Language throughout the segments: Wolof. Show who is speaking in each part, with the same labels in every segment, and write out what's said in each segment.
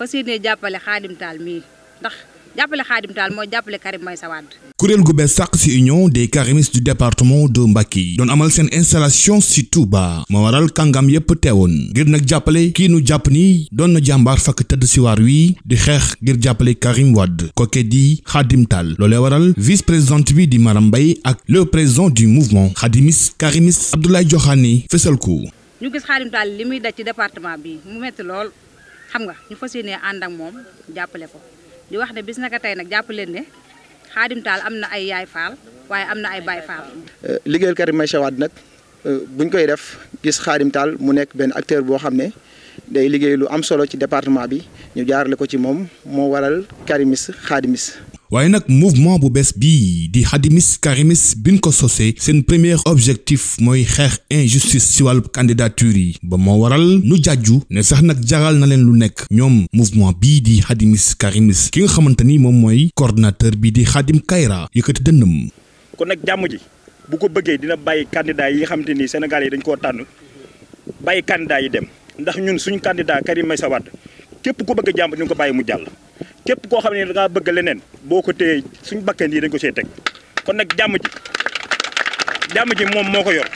Speaker 1: fas yéenee jàppale Xaadim Taal mii ndax jàppale Xaadim Taal mooy jàppale Karim Meïssa Wade
Speaker 2: kuréel gu bees sàq si union des karimistes du département de Mbacké yi doon amal seen installation si Touba ma waral kàngam yépp teewoon ngir nag jàppale kii nu jàpp ni doon na jàmbaar fakk tëdd si waar wi di xeex ngir jàppale Karim Wade koke di Khadim Tall loolee waral vice présidente bi di Maram Mbaye ak le président du mouvement Khadimis Karimis Abdoulaye Diokhane fësal ko
Speaker 1: ñu gis Khadim xam nga ñu fas ne ànd ak moom jàppale ko di wax ne bis naka tey nag jàpp leen ne Xaadim Taal am na ay yaay faal waaye am na ay baay faal.
Speaker 3: Euh, liggéeyal Karim nag euh, buñ koy def gis Xaadim mu nekk benn acteur boo xam ne day liggéey lu am solo ci département bi ñu jaarale ko ci moom moo waral Karimis Xaadimis.
Speaker 2: waaye nag mouvement bu bees bii di xadimis karimis biñ ko sosee seen premier objectif mooy xeex injustice ci wàllu candidature yi ba moo waral nu jàjju ne sax nag jaral na leen lu nekk ñoom mouvement bii di xadimis karimis ki nga xamante ni moom mooy coordonnateur bi di xadim kayra yëkkati dënnam
Speaker 3: kon nag jàmm ji bu ko bëggee dina bàyyi kandidaa yi nga xamante ni Sénégal yi dañ koo tànn bàyyi candidat yi dem ndax ñun suñu candidat Karim Meïssa Wade képp ku bëgg jàmm ñu ko bàyyi mu jàll képp koo xam ne da bëgg leneen boo ko téye suñ bakkeen yi dañ ko see teg kon nag jàmm
Speaker 2: ji ji moom moo ko yor.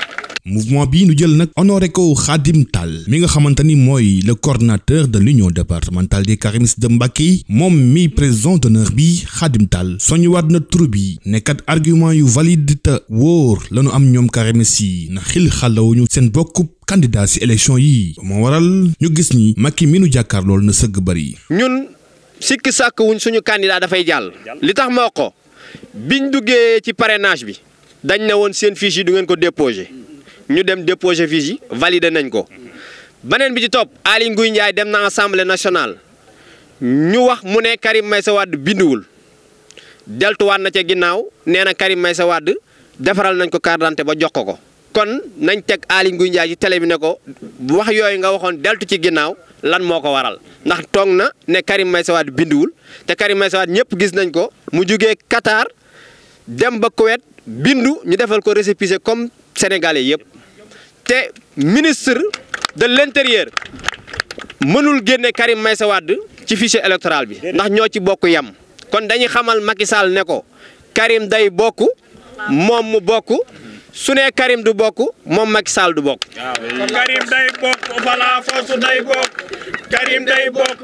Speaker 2: mouvement bi nu jël nag honoré ko Khadim Tall mi nga xamante ni mooy le cordinateur de l'union départementale des karimistes de Mbacké moom mi président d'honneur bi Khadim Tall soñuwaat na tur bi nekkat argument yu valide te wóor lañu am ñoom karimistes yi na xil xalawuñu seen bokk candidat ci élection yi moo waral ñu gis ni Macky mi nu jàkkaar na sëgg bari
Speaker 3: ñun sikki sàkk wuñ suñu candidat dafay jàll. li tax ma wax ko biñ duggee ci parrainage bi dañ ne woon seen fiche yi du ngeen ko déposé ñu dem déposé fiche yi validé nañ ko. beneen bi ci topp Aly Ngouille Ndiaye dem na assemblée nationale ñu wax mu ne Karim Meïssa Wade binduwul deltuwaat na ca ginnaaw nee na Karim Meïssa Wade defaral nañ ko carte ba jox ko ko. kon nañ teg Aly Ngouille njaay ci télé bi ne ko wax yooyu nga waxoon deltu ci ginnaaw lan moo ko waral ndax toog na ne Karim Meïssa Wade binduwul te Karim Meïssa Wade ñëpp gis nañ ko mu jóge Qatar dem ba Kuwait bindu ñu defal ko récépissé comme sénégalais yëpp te ministre de l'intérieur mënul génne Karim Meïssa ci fichier électoral bi ndax ñoo ci bokk yem kon dañuy xamal Macky Sall ne ko Karim day bokk moom mu bokk su nee Karim du bokk moom Macky Sall du bokk. Karim day bokk Bala Fosu day bokk. Karim day bokk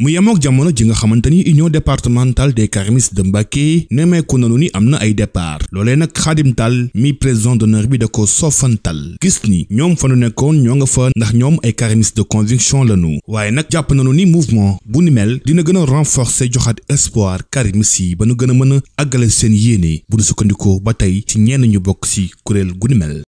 Speaker 2: mu yemook jamono ji nga xamante ni union départementale des karimistes de Mbacké nemmeeku nanu ni am na ay départ loole nag Khadim Tall mi président d'honneur bi da ko soofantal gis ni ñoom fa nu nekkoon ñoo nga fa ndax ñoom ay karimistes de conviction lañu waaye nag jàpp nanu ni mouvement bu ni mel dina gën a renforcer joxaat espoir karimistes yi ba nu gën a mën a àggale seen yéene bu nu sukkandikoo ba tey ci ñenn ñu bokk ci kuréel gu ni mel.